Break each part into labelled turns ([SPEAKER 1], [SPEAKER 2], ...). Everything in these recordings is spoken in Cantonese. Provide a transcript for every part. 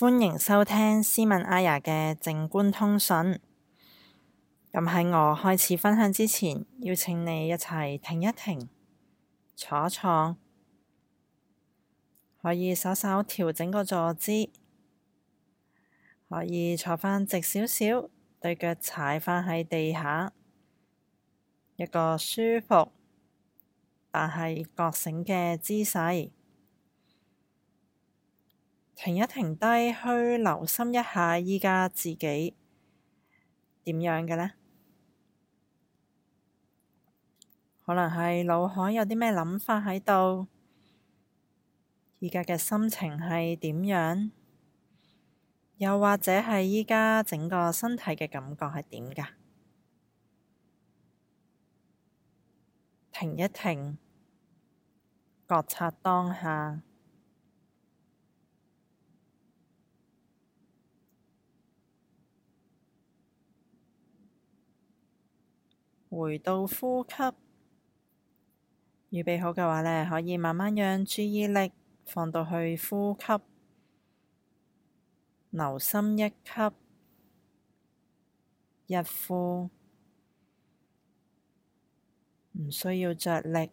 [SPEAKER 1] 歡迎收聽詩敏阿雅嘅靜觀通訊。咁喺我開始分享之前，邀請你一齊停一停，坐一坐，可以稍稍調整個坐姿，可以坐返直少少，對腳踩返喺地下，一個舒服但係覺醒嘅姿勢。停一停低，去留心一下依家自己點樣嘅呢？可能係腦海有啲咩諗法喺度，而家嘅心情係點樣？又或者係依家整個身體嘅感覺係點噶？停一停，覺察當下。回到呼吸，預備好嘅話呢，可以慢慢讓注意力放到去呼吸，留心一吸一呼，唔需要着力，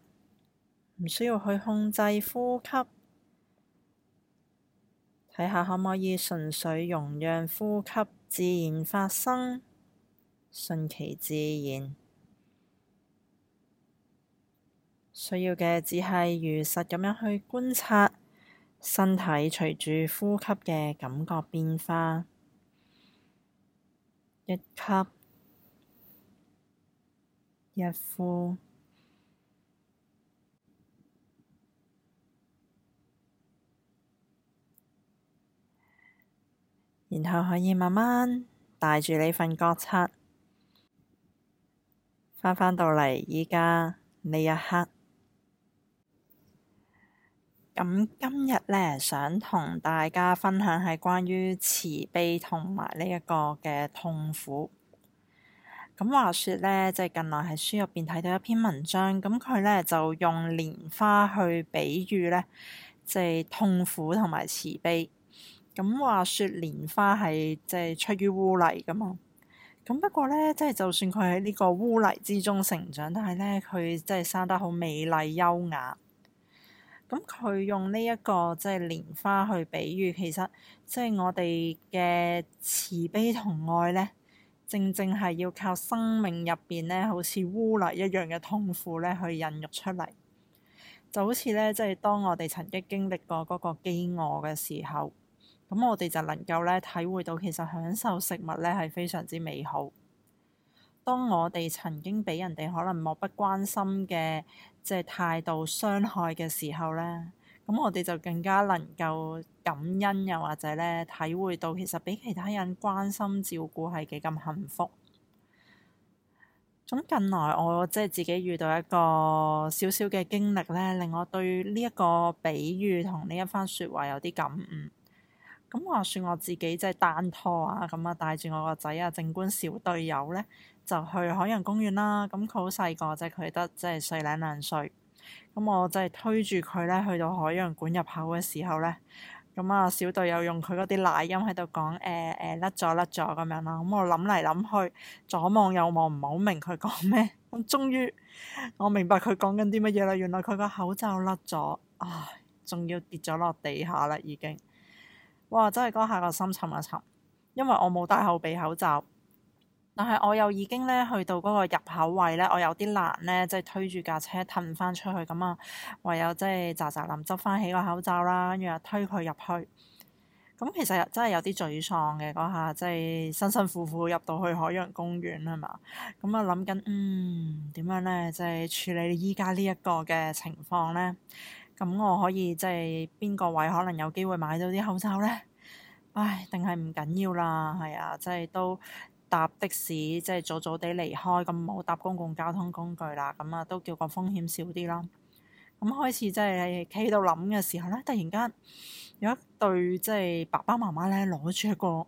[SPEAKER 1] 唔需要去控制呼吸，睇下可唔可以純粹容讓呼吸自然發生，順其自然。需要嘅只係如實咁樣去觀察身體隨住呼吸嘅感覺變化，一吸一呼，然後可以慢慢帶住你份覺察翻返到嚟而家呢一刻。咁今日咧，想同大家分享係關於慈悲同埋呢一個嘅痛苦。咁話說咧，即係近來喺書入邊睇到一篇文章，咁佢咧就用蓮花去比喻咧，即係痛苦同埋慈悲。咁話說蓮花係即係出於污泥噶嘛？咁不過咧，即係就算佢喺呢個污泥之中成長，但係咧佢即係生得好美麗優雅。咁佢用呢、這、一個即係蓮花去比喻，其實即係我哋嘅慈悲同愛咧，正正係要靠生命入邊咧，好似污泥一樣嘅痛苦咧，去孕育出嚟。就好似咧，即、就、係、是、當我哋曾經經歷過嗰個飢餓嘅時候，咁我哋就能夠咧體會到其實享受食物咧係非常之美好。當我哋曾經俾人哋可能漠不關心嘅，即係態度傷害嘅時候咧，咁我哋就更加能夠感恩，又或者咧體會到其實俾其他人關心照顧係幾咁幸福。咁近來我即係自己遇到一個小小嘅經歷咧，令我對呢一個比喻同呢一番說話有啲感悟。咁話說我自己即係單拖啊，咁啊帶住我個仔啊，正觀小隊友咧。就去海洋公園啦。咁佢好細個啫，佢得即係細兩兩歲。咁我就係推住佢咧，去到海洋館入口嘅時候咧，咁啊小隊友用佢嗰啲奶音喺度講誒誒，甩咗甩咗咁樣啦。咁、欸、我諗嚟諗去，左望右望唔係好明佢講咩。咁終於我明白佢講緊啲乜嘢啦。原來佢個口罩甩咗，唉，仲要跌咗落地下啦，已經。哇！真係嗰下個心沉一沉，因為我冇戴後備口罩。但係我又已經咧去到嗰個入口位咧，我有啲難咧，即係推住架車褪翻出去咁啊，唯有即係咋咋臨，執翻起個口罩啦，跟住又推佢入去。咁、嗯、其實真係有啲沮喪嘅嗰下，即係辛辛苦苦入到去海洋公園吖嘛，咁啊諗緊，嗯點、嗯、樣咧，即係處理依家呢一個嘅情況咧？咁、嗯、我可以即係邊個位可能有機會買到啲口罩咧？唉，定係唔緊要啦，係啊，即係都。搭的士，即係早早地離開，咁冇搭公共交通工具啦，咁啊都叫個風險少啲咯。咁開始即係企到諗嘅時候咧，突然間有一對即係、就是、爸爸媽媽咧攞住一個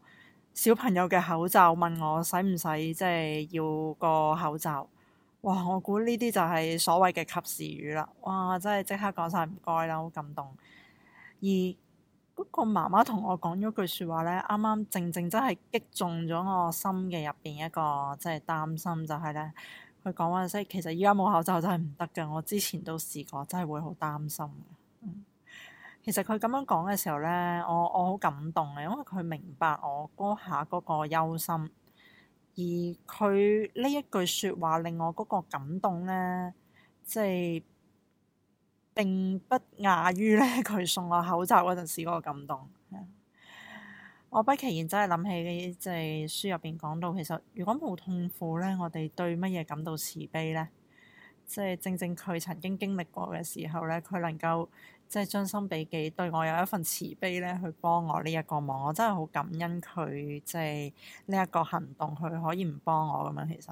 [SPEAKER 1] 小朋友嘅口罩，問我使唔使即係要個口罩？哇！我估呢啲就係所謂嘅及時雨啦！哇！真係即刻講晒，唔該啦，好感動。而個媽媽同我講咗句説話咧，啱啱正正真係擊中咗我心嘅入邊一個即係擔心，就係咧，佢講話即係其實依家冇口罩真係唔得㗎。我之前都試過，真係會好擔心。嗯，其實佢咁樣講嘅時候咧，我我好感動嘅，因為佢明白我嗰下嗰個憂心，而佢呢一句説話令我嗰個感動咧，即係。並不亞於咧，佢送我口罩嗰陣時嗰個感動。我不期然真係諗起，即係書入邊講到，其實如果冇痛苦咧，我哋對乜嘢感到慈悲呢？即係正正佢曾經經歷過嘅時候咧，佢能夠即係將心比己，對我有一份慈悲咧，去幫我呢一個忙，我真係好感恩佢即係呢一個行動，佢可以唔幫我咁樣其實。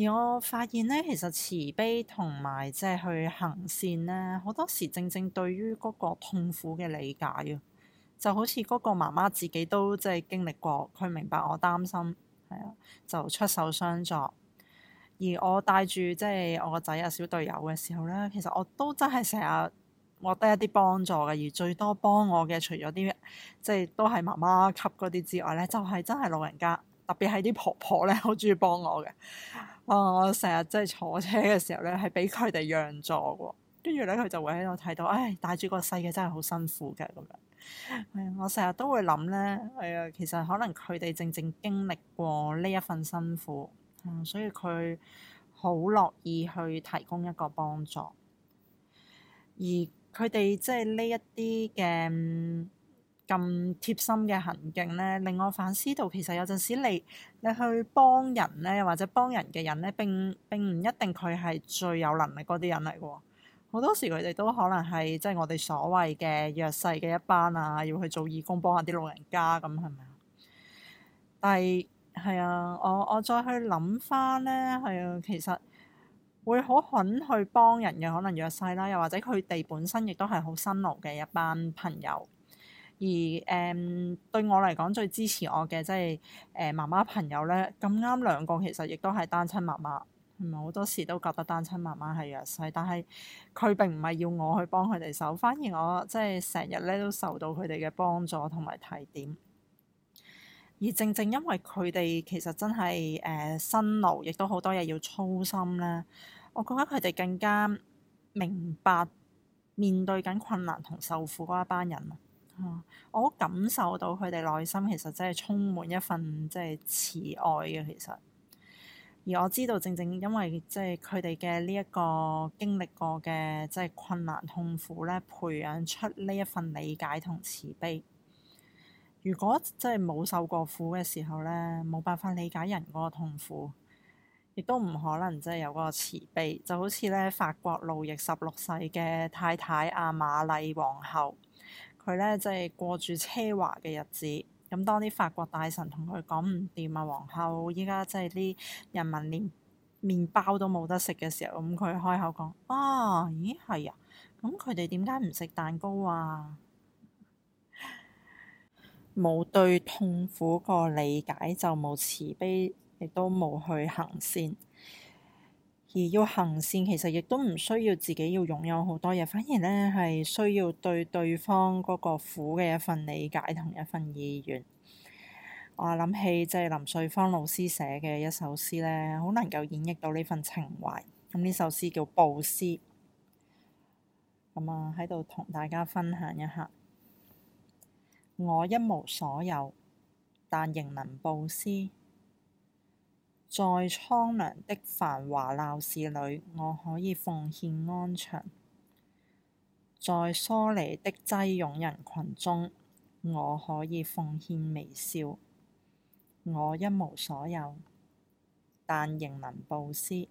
[SPEAKER 1] 而我發現咧，其實慈悲同埋即係去行善咧，好多時正正對於嗰個痛苦嘅理解啊，就好似嗰個媽媽自己都即係經歷過，佢明白我擔心，係啊，就出手相助。而我帶住即係我個仔啊小隊友嘅時候咧，其實我都真係成日獲得一啲幫助嘅。而最多幫我嘅，除咗啲即係都係媽媽級嗰啲之外咧，就係真係老人家，特別係啲婆婆咧，好中意幫我嘅。哦、我我成日即係坐車嘅時候咧，係俾佢哋讓座喎。跟住咧，佢就會喺度睇到，唉，帶住個細嘅真係好辛苦嘅咁樣。嗯、我成日都會諗咧，係、哎、啊，其實可能佢哋正正經歷過呢一份辛苦，嗯、所以佢好樂意去提供一個幫助。而佢哋即係呢一啲嘅，咁貼心嘅行徑咧，令我反思到其實有陣時你，你你去幫人咧，或者幫人嘅人咧，並並唔一定佢係最有能力嗰啲人嚟嘅喎。好多時佢哋都可能係即係我哋所謂嘅弱勢嘅一班啊，要去做義工幫下啲老人家咁，係咪？但係係啊，我我再去諗翻咧係啊，其實會好肯去幫人嘅可能弱勢啦，又或者佢哋本身亦都係好辛勞嘅一班朋友。而誒、嗯、對我嚟講，最支持我嘅即係誒媽媽朋友咧。咁啱兩個其實亦都係單親媽媽，同埋好多時都覺得單親媽媽係弱勢，但係佢並唔係要我去幫佢哋手，反而我即係成日咧都受到佢哋嘅幫助同埋提點。而正正因為佢哋其實真係誒、呃、辛勞，亦都好多嘢要操心咧，我覺得佢哋更加明白面對緊困難同受苦嗰一班人。哦、我感受到佢哋內心其實真係充滿一份即係、就是、慈愛嘅。其實，而我知道，正正因為即係佢哋嘅呢一個經歷過嘅即係困難痛苦咧，培養出呢一份理解同慈悲。如果即係冇受過苦嘅時候咧，冇辦法理解人嗰個痛苦，亦都唔可能即係有嗰個慈悲。就好似咧，法國路易十六世嘅太太阿瑪麗皇后。佢咧就係過住奢華嘅日子。咁當啲法國大臣同佢講唔掂啊，皇后，依家即係啲人民連麵包都冇得食嘅時候，咁佢開口講啊，咦係啊，咁佢哋點解唔食蛋糕啊？冇對痛苦個理解就冇慈悲，亦都冇去行善。而要行善，其實亦都唔需要自己要擁有好多嘢，反而呢係需要對對方嗰個苦嘅一份理解同一份意願。我諗起即係林瑞芳老師寫嘅一首詩呢，好能夠演繹到呢份情懷。咁呢首詩叫《布施》，咁啊喺度同大家分享一下。我一無所有，但仍能布施。在蒼涼的繁華鬧市裏，我可以奉獻安詳；在疏離的擠擁人群中，我可以奉獻微笑。我一無所有，但仍能布施。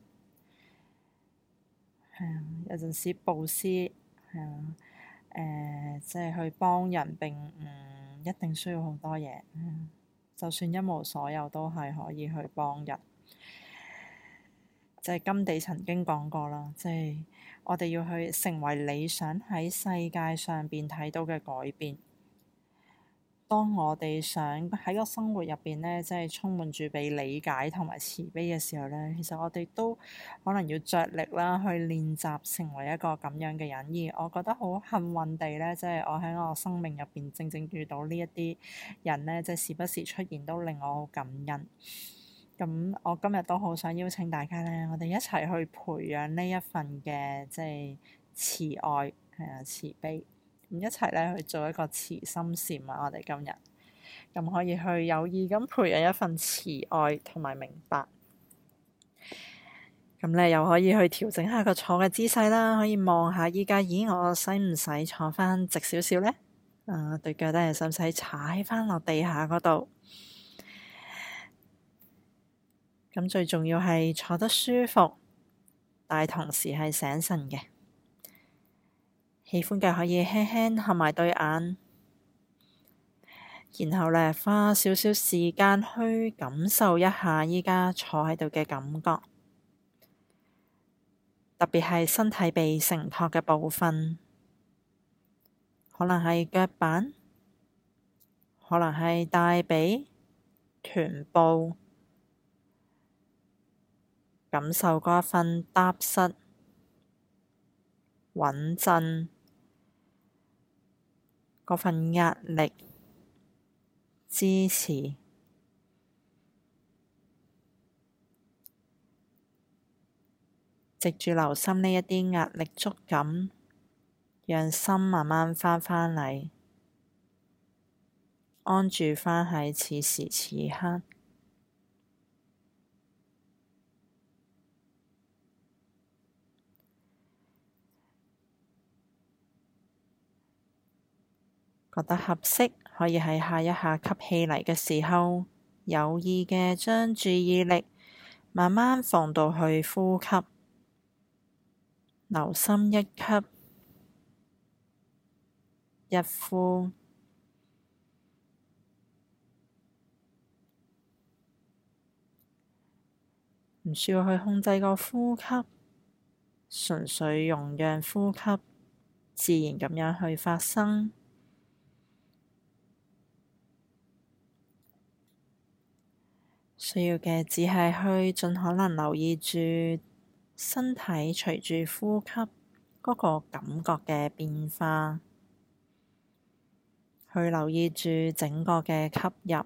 [SPEAKER 1] 係啊，有陣時布施係啊，誒即係去幫人，並唔一定需要好多嘢。就算一無所有，都係可以去幫人。即係甘地曾經講過啦，即係我哋要去成為你想喺世界上面睇到嘅改變。當我哋想喺個生活入邊咧，即係充滿住被理解同埋慈悲嘅時候咧，其實我哋都可能要着力啦，去練習成為一個咁樣嘅人。而我覺得好幸運地咧，即係我喺我生命入邊正正遇到呢一啲人咧，即係時不時出現，都令我好感恩。咁我今日都好想邀請大家咧，我哋一齊去培養呢一份嘅即係慈愛，係啊，慈悲。一齊咧去做一個慈心禪啊！我哋今日咁可以去有意咁培養一份慈愛同埋明白，咁咧又可以去調整下個坐嘅姿勢啦。可以望下依家，咦？我使唔使坐翻直少少咧？啊，對腳底係使唔使踩翻落地下嗰度？咁最重要係坐得舒服，但係同時係醒神嘅。喜歡嘅可以輕輕合埋對眼，然後咧花少少時間去感受一下依家坐喺度嘅感覺，特別係身體被承托嘅部分，可能係腳板，可能係大髀、臀部，感受嗰一份踏實穩陣。穩嗰份壓力支持，藉住留心呢一啲壓力觸感，讓心慢慢翻返嚟，安住翻喺此時此刻。覺得合適，可以喺下一下吸氣嚟嘅時候，有意嘅將注意力慢慢放到去呼吸，留心一吸一呼，唔需要去控制個呼吸，純粹容讓呼吸自然咁樣去發生。需要嘅只係去盡可能留意住身體隨住呼吸嗰個感覺嘅變化，去留意住整個嘅吸入，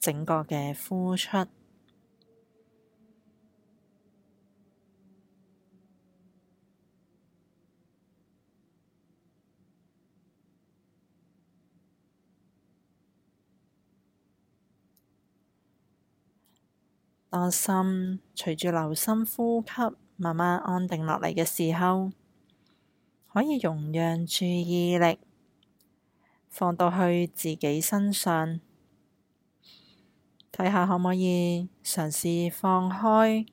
[SPEAKER 1] 整個嘅呼出。個心隨住留心呼吸，慢慢安定落嚟嘅時候，可以容讓注意力放到去自己身上，睇下可唔可以嘗試放開，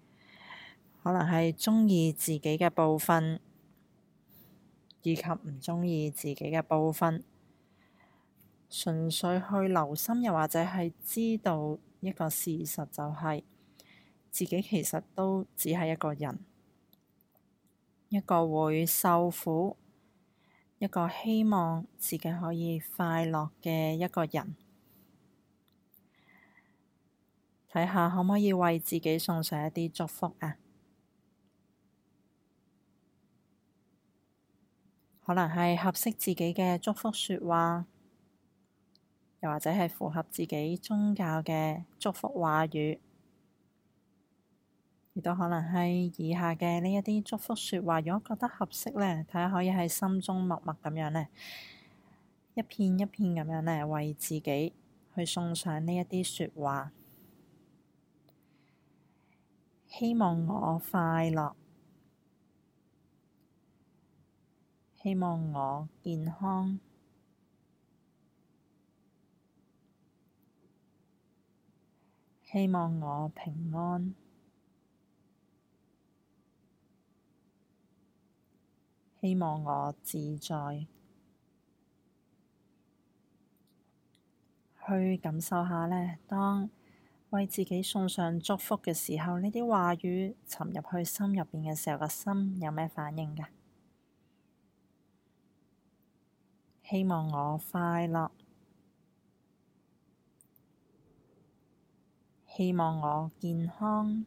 [SPEAKER 1] 可能係中意自己嘅部分，以及唔中意自己嘅部分，純粹去留心，又或者係知道一個事實，就是，就係。自己其實都只係一個人，一個會受苦，一個希望自己可以快樂嘅一個人。睇下可唔可以為自己送上一啲祝福啊？可能係合適自己嘅祝福説話，又或者係符合自己宗教嘅祝福話語。亦都可能係以下嘅呢一啲祝福説話，如果覺得合適咧，大家可以喺心中默默咁樣咧，一片一片咁樣咧，為自己去送上呢一啲説話。希望我快樂，希望我健康，希望我平安。希望我自在，去感受下呢。當為自己送上祝福嘅時候，呢啲話語沉入去心入邊嘅時候，個心有咩反應㗎？希望我快樂，希望我健康。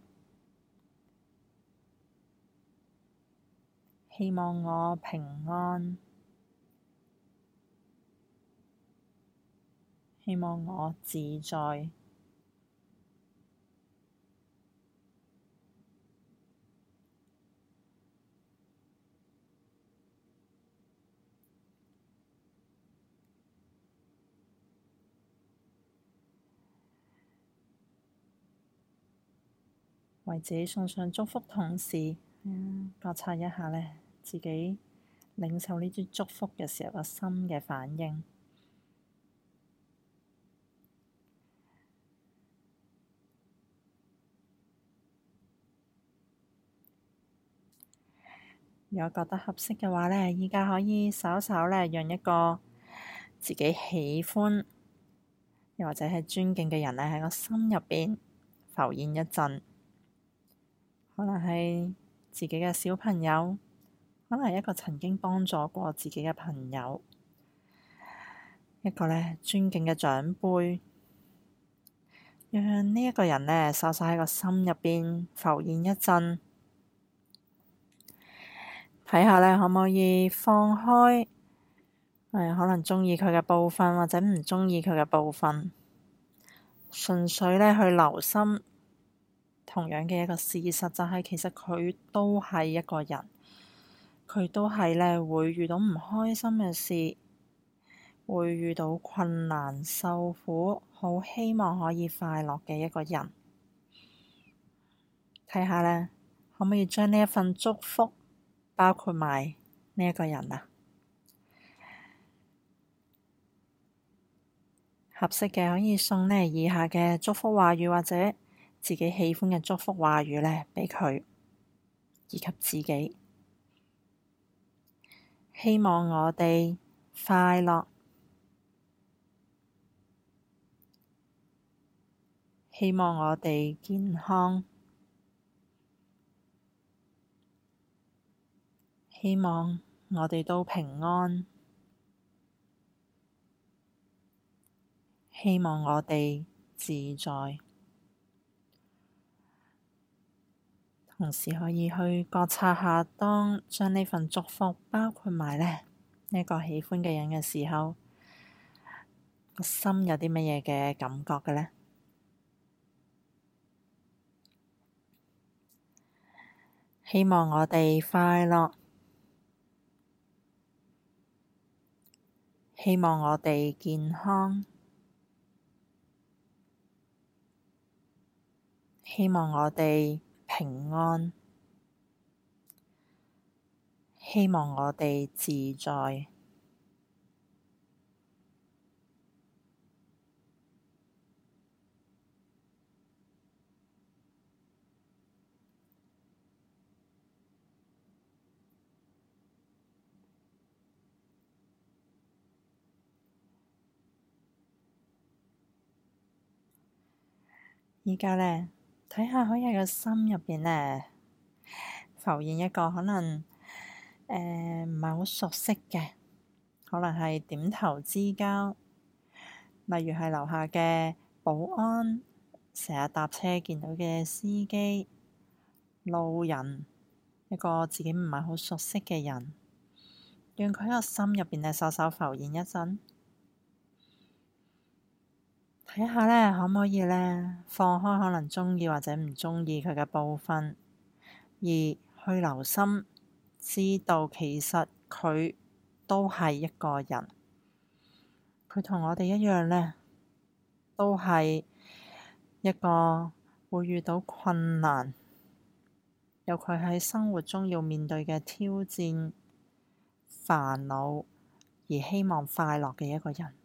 [SPEAKER 1] 希望我平安，希望我自在，為自己送上祝福同事，同時覺察一下呢。自己領受呢啲祝福嘅時候，個心嘅反應。如果覺得合適嘅話呢，依家可以稍稍呢，讓一個自己喜歡又或者係尊敬嘅人呢，喺個心入邊浮現一陣，可能係自己嘅小朋友。可能係一個曾經幫助過自己嘅朋友，一個咧尊敬嘅長輩，讓呢一個人咧，稍稍喺個心入邊浮現一陣，睇下咧可唔可以放開，哎，可能鍾意佢嘅部分，或者唔鍾意佢嘅部分，純粹咧去留心同樣嘅一個事實，就係、是、其實佢都係一個人。佢都係咧，會遇到唔開心嘅事，會遇到困難、受苦，好希望可以快樂嘅一個人。睇下咧，可唔可以將呢一份祝福，包括埋呢一個人啊？合適嘅可以送呢以下嘅祝福話語，或者自己喜歡嘅祝福話語咧，俾佢以及自己。希望我哋快樂，希望我哋健康，希望我哋都平安，
[SPEAKER 2] 希望我
[SPEAKER 1] 哋自在。同時可以去覺察下，當將呢份祝福包括埋咧呢個喜歡嘅人嘅時候，個心有啲乜嘢嘅感覺嘅呢？希望我哋快樂，希望我哋健康，希望我哋，平安，希望我哋自在。而家呢。睇下可有嘅心入邊咧浮現一個可能，誒唔係好熟悉嘅，可能係點頭之交，例如係樓下嘅保安，成日搭車見到嘅司機、路人，一個自己唔係好熟悉嘅人，讓佢喺個心入邊咧稍稍浮現一陣。睇下咧，看看可唔可以咧放開可能中意或者唔中意佢嘅部分，而去留心知道其實佢都係一個人，佢同我哋一樣咧，都係一個會遇到困難，有佢喺生活中要面對嘅挑戰、煩惱而希望快樂嘅一個人。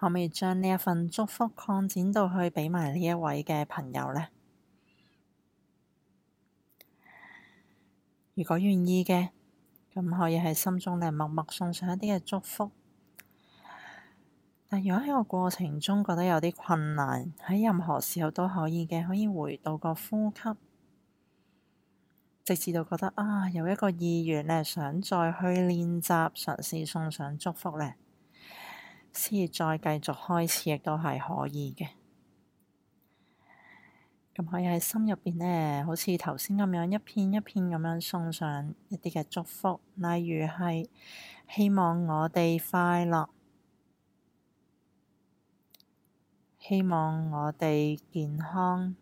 [SPEAKER 1] 可唔可以將呢一份祝福擴展到去畀埋呢一位嘅朋友呢？如果願意嘅，咁可以喺心中默默送上一啲嘅祝福。但如果喺個過程中覺得有啲困難，喺任何時候都可以嘅，可以回到個呼吸，直至到覺得啊有一個意願咧，想再去練習，嘗試送上祝福咧。先至再繼續開始，亦都係可以嘅。咁可以喺心入邊呢，好似頭先咁樣，一片一片咁樣送上一啲嘅祝福，例如係希望我哋快樂，希望我哋健康，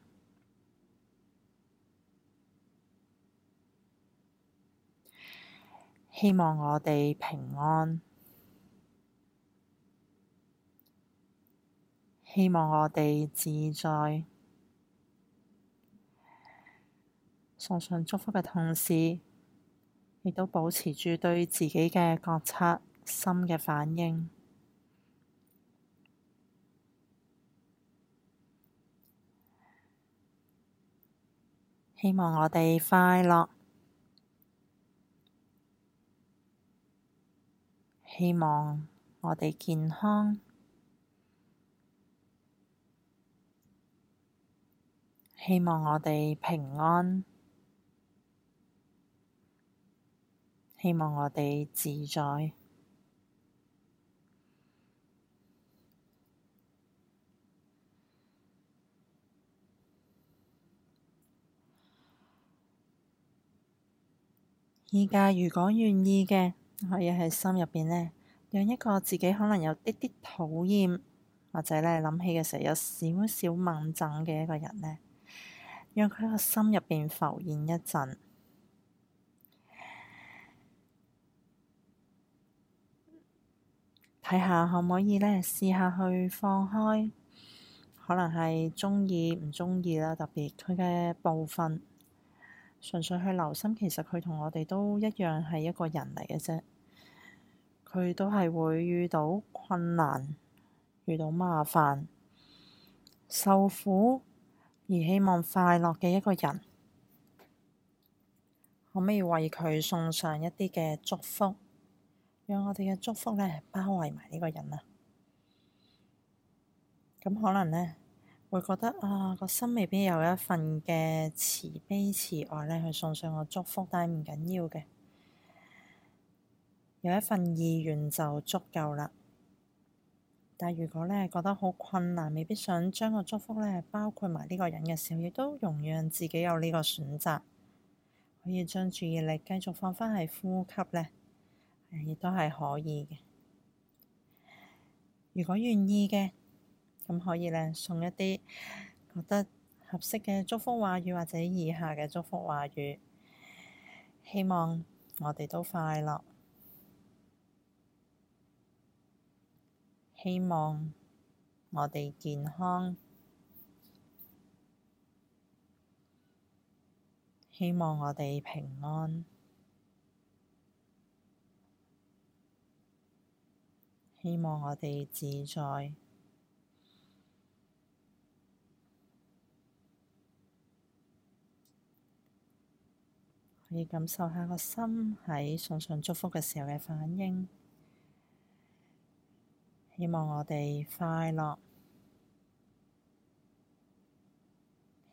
[SPEAKER 1] 希望我哋平安。希望我哋自在，送上祝福嘅同時，亦都保持住對自己嘅覺察、心嘅反應。希望我哋快樂，希望我哋健康。希望我哋平安，希望我哋自在。而家如果願意嘅，可以喺心入邊呢，養一個自己可能有啲啲討厭，或者咧諗起嘅時候有少少掹憎嘅一個人呢。讓佢喺個心入邊浮現一陣，睇下可唔可以咧試下去放開，可能係中意唔中意啦。特別佢嘅部分，純粹去留心，其實佢同我哋都一樣係一個人嚟嘅啫。佢都係會遇到困難，遇到麻煩，受苦。而希望快樂嘅一個人，可唔可以為佢送上一啲嘅祝福，讓我哋嘅祝福咧包圍埋呢個人啊？咁、嗯、可能咧會覺得啊，個心未必有一份嘅慈悲慈愛咧去送上我祝福，但係唔緊要嘅，有一份意願就足夠啦。但如果咧覺得好困難，未必想將個祝福咧包括埋呢個人嘅時候，亦都容讓自己有呢個選擇，可以將注意力繼續放翻喺呼吸咧，亦都係可以嘅。如果願意嘅，咁可以咧送一啲覺得合適嘅祝福話語，或者以下嘅祝福話語，希望我哋都快樂。希望我哋健康，希望我哋平安，希望我哋自在，可以感受下個心喺送上祝福嘅時候嘅反應。希望我哋快樂，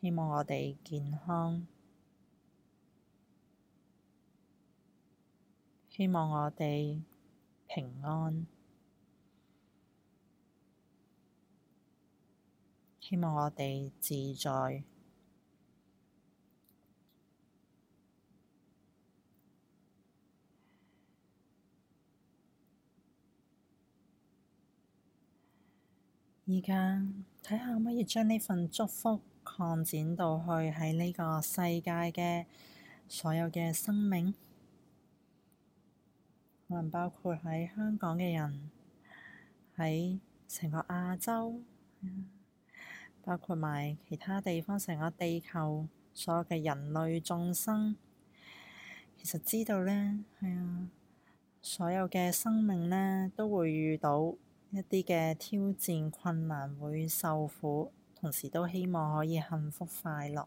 [SPEAKER 1] 希望我哋健康，希望我哋平安，希望我哋自在。而家睇下可唔可以將呢份祝福擴展到去喺呢個世界嘅所有嘅生命，可能包括喺香港嘅人，喺成個亞洲，包括埋其他地方，成個地球，所有嘅人類眾生，其實知道咧，係啊，所有嘅生命咧都會遇到，一啲嘅挑戰困難會受苦，同時都希望可以幸福快樂，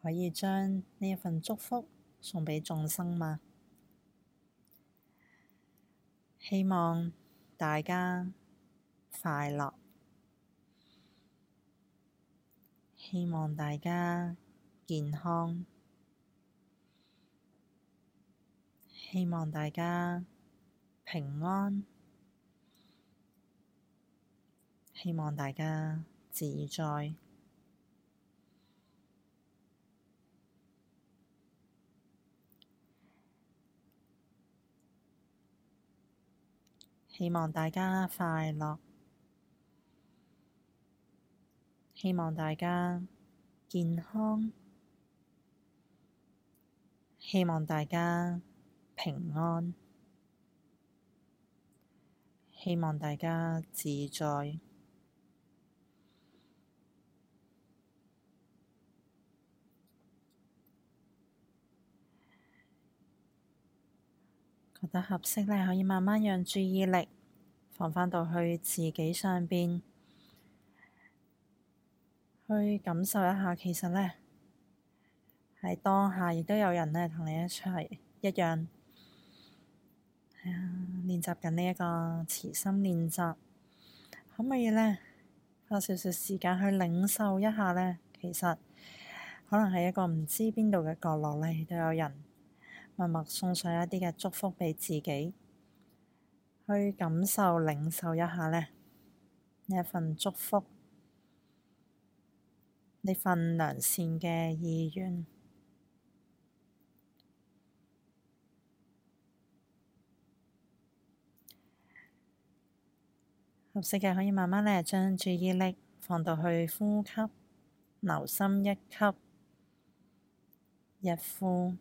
[SPEAKER 1] 可以將呢一份祝福送畀眾生嘛！希望大家快樂，希望大家健康，希望大家平安。希望大家自在，希望大家快樂。希望大家健康，希望大家平安，希望大家自在。得合適咧，可以慢慢讓注意力放返到去自己上邊去感受一下。其實咧，喺當下亦都有人咧同你一齊一樣，係啊，練習緊呢一個慈心練習。可唔可以咧，花少少時間去領受一下咧？其實可能係一個唔知邊度嘅角落咧，都有人。默默送上一啲嘅祝福俾自己，去感受領受一下咧呢一份祝福，呢份良善嘅意願。合適嘅可以慢慢咧，將注意力放到去呼吸，留心一吸一呼。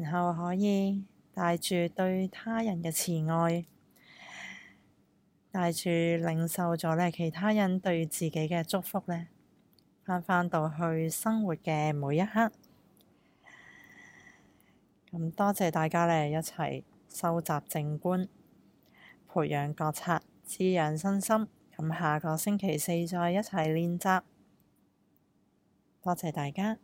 [SPEAKER 1] 然後可以帶住對他人嘅慈愛，帶住領受咗咧其他人對自己嘅祝福咧，返返到去生活嘅每一刻。咁多謝大家咧，一齊收集靜觀，培養覺察，滋養身心。咁下個星期四再一齊練習。多謝大家。